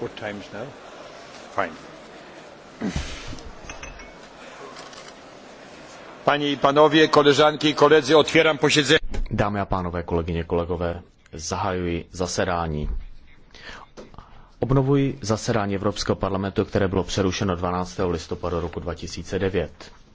What time's now? Fine. Panie i panowie, koleżanki i koledzy, otwieram posiedzenie. Dámy a pánové, kolegyně, kolegové, zahajuji zasedání. Obnovuji zasedání Evropského parlamentu, které bylo přerušeno 12. listopadu roku 2009.